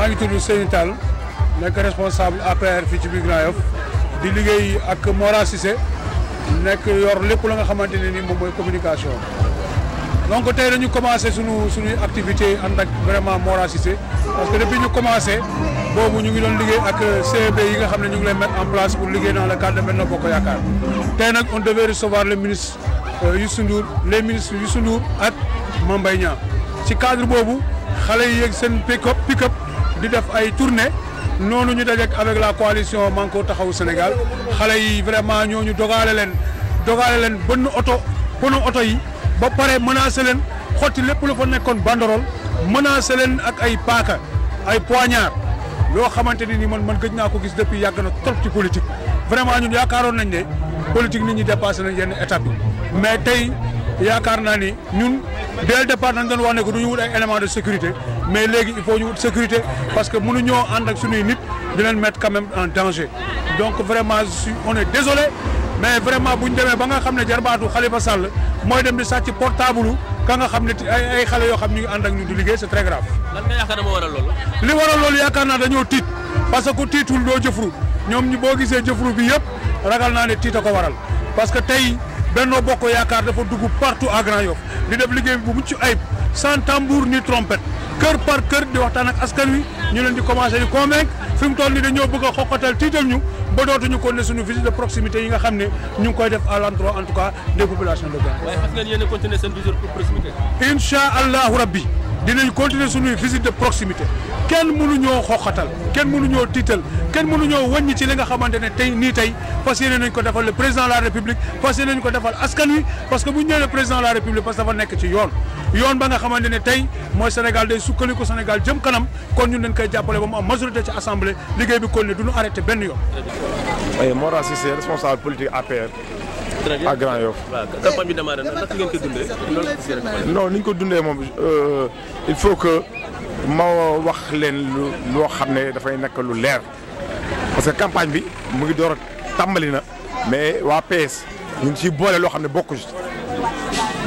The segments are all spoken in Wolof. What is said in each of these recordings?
maa ngi tudd Seyni Tall nekk responsable APR fii ci biir Grand Yoff di liggéey ak Mora Cissé nekk yor lépp la nga xamante ne ni moom mooy communication donc tey dañu commencé suñu suñu activité ànd ak vraiment Mora Cissé parce que depuis ñu commencé boobu ñu ngi doon liggéey ak CEB yi nga xam ne ñu ngi lay mettre en place pour liggéey dans le cadre de Benno Bokk Yaakaar tey nag on devait recevoir le ministre euh, Youssou Ndour les ministres Youssou Ndour ak Mame Niang ci cadre boobu xale yi yeeg seen pick up pick up di def ay tournée noonu ñu dajeek avec la coalition Manko taxaw Sénégal xale yi vraiment ñooñu dogaale leen dogaale leen bënn oto pono oto yi ba pare menacé leen xotti lépp la fa nekkoon banderole menacé leen ak ay paaka ay poignard loo xamante ni man man gëj naa ko gis depuis yàgg na trop ci politique vraiment ñun yaakaaroon nañ ne politique nit ñi dépassé nañ yenn étape bi mais tey yaakaar naa ni ñun dès le départ nañ doon wax du ñu wut ay éléments de sécurité mais légui il faut une sécurité parce que mënuñoo and ak suñu nit di leen mettre quand même en danger donc vraiment on est désolé mais vraiment buñ ñu ba nga xamné jarbaatu Khalifa Sall moy dem di sàcc portable ka nga xamné ne ay xalé yo xamni and ak ñu di liggéey c'est très grave. lan nga yaakaar mo waral loolu. li waral loolu yaakaar naa dañoo tiit parce que ku tiitul doo jëfru ñom ñu bo gisé jëfru bi yépp ragal na né tiit ko waral parce que tay Benno Bokk Yaakaar dafa dugg partout à Grand Yoff di def liggéey bu mucc ayib sans tambour ni trompette. kër par kër di waxtaan askan wi ñu leen di commencé di convaincre fi mu toll nii dañoo bëgg a xoqatal tiital ñu ba dootuñu ko ne suñu visite de proximité yi nga xam ne ñu ngi koy def à l'endroit en tout cas des populations locales. waaye fas ngeen yéen a continuer seen visite de proximité. incha allahu rabbi. dinañ continuer suñuy visite de proximité kenn ñoo xoxatal kenn mënuñoo tiital kenn ñoo wàññi ci li nga xamante ne tey nii tey fas yéene nañ ko defal le président de la république fas yéene nañ ko defal askan wi parce que bu ñu le président de la république parce que dafa nekk ci yoon yoon ba nga xamante ne tey mooy Sénégal day sukkandiku Sénégal jëm kanam kon ñun dañ koy jàppale ba mu am majorité ci assemblée liggéey bi kon ne du ñu arrêté benn yoon. Mor Cissé responsable politique APR. à Grand Yoff. waaw bi démarré na naka ngeen ko dundee. non ni ñu ko dundee moom euh, il faut que ma wax leen loo xam ne dafay nekk lu leer parce que campagne bi mu ngi door a tàmbali na mais waa PS ñu ngi ciy boole loo xam ne bokku ci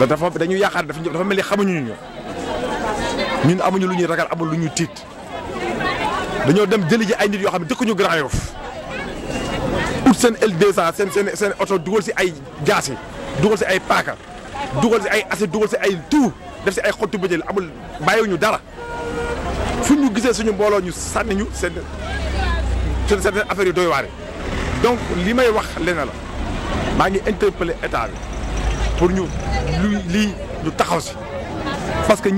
dafa dañu yaakaar dafa mel ni xamuñu ñu ñun amuñu lu ñuy ragal amul lu ñuy tiit dañoo dem jëli ji ay nit yoo xam ne dëkkuñu Grand Yoff c'est un L200 sen sen sen si ay jassi dougal ay dougal si ay assez tout def si ay xottu bëjël amul dara fu ñu suñu mbolo ñu nous ñu cette affaire yu doy donc limay wax la ngi interpeller état pour ñu nous ñu taxaw nous, parce que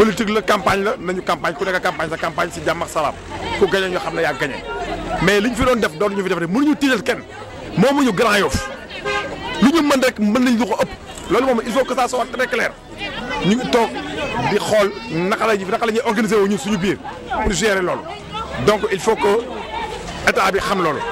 politique la campagne la nañu campagne ku nekk campagne sa campagne si jàmm ak salaam ku gañe ñu xam ne yaa gañe mais liñ fi doon def doon ñu fi def rek mënuñu tiital kenn moomuñu Grand Yoff lu ñu mën rek mën nañ lu ko loolu moom il faut que ça soit très clair ñu ngi toog di xool naka la ñuy naka la ñuy organiser wu suñu biir pour gérer loolu donc il faut que état bi xam loolu.